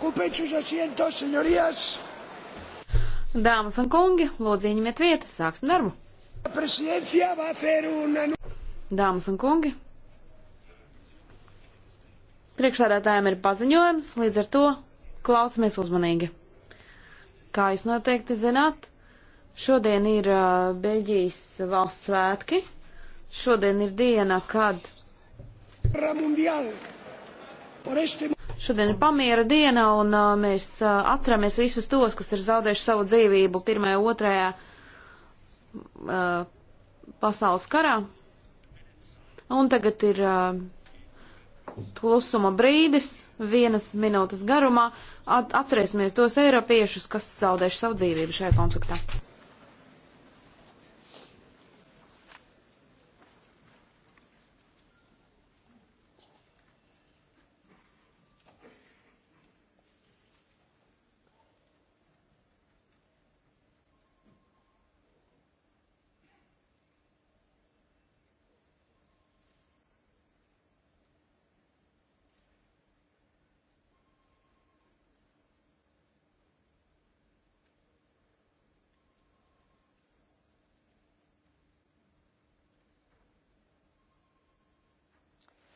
Ocupen sus asientos, señorías. Dāmas un kungi, lūdzu ieņemiet vietas, sāksim darbu. Dāmas un kungi, priekšsēdētājiem ir paziņojums, līdz ar to klausamies uzmanīgi. Kā jūs noteikti zināt, šodien ir uh, Beļģijas valsts svētki. Šodien ir diena, kad. Mundial, por este... Šodien ir pamiera diena, un uh, mēs uh, atceramies visus tos, kas ir zaudējuši savu dzīvību pirmajā, otrajā uh, pasaules karā. Un tagad ir uh, klusuma brīdis, vienas minūtes garumā. At atcerēsimies tos eiropiešus, kas zaudējuši savu dzīvību šajā konfliktā.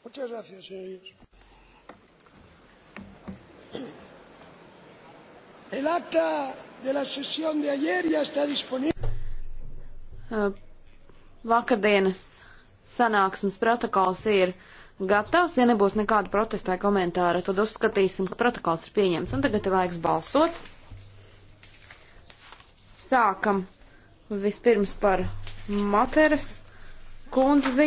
Muchas gracias, señorías. El acta de la sesión de ayer ya está disponible. Uh, vakardienas sanāksmes protokols ir gatavs. Ja nebūs nekāda protestē komentāra, tad uzskatīsim, ka protokols ir pieņemts. Un tagad ir laiks balsot. Sākam vispirms par materas kundzi ziņu.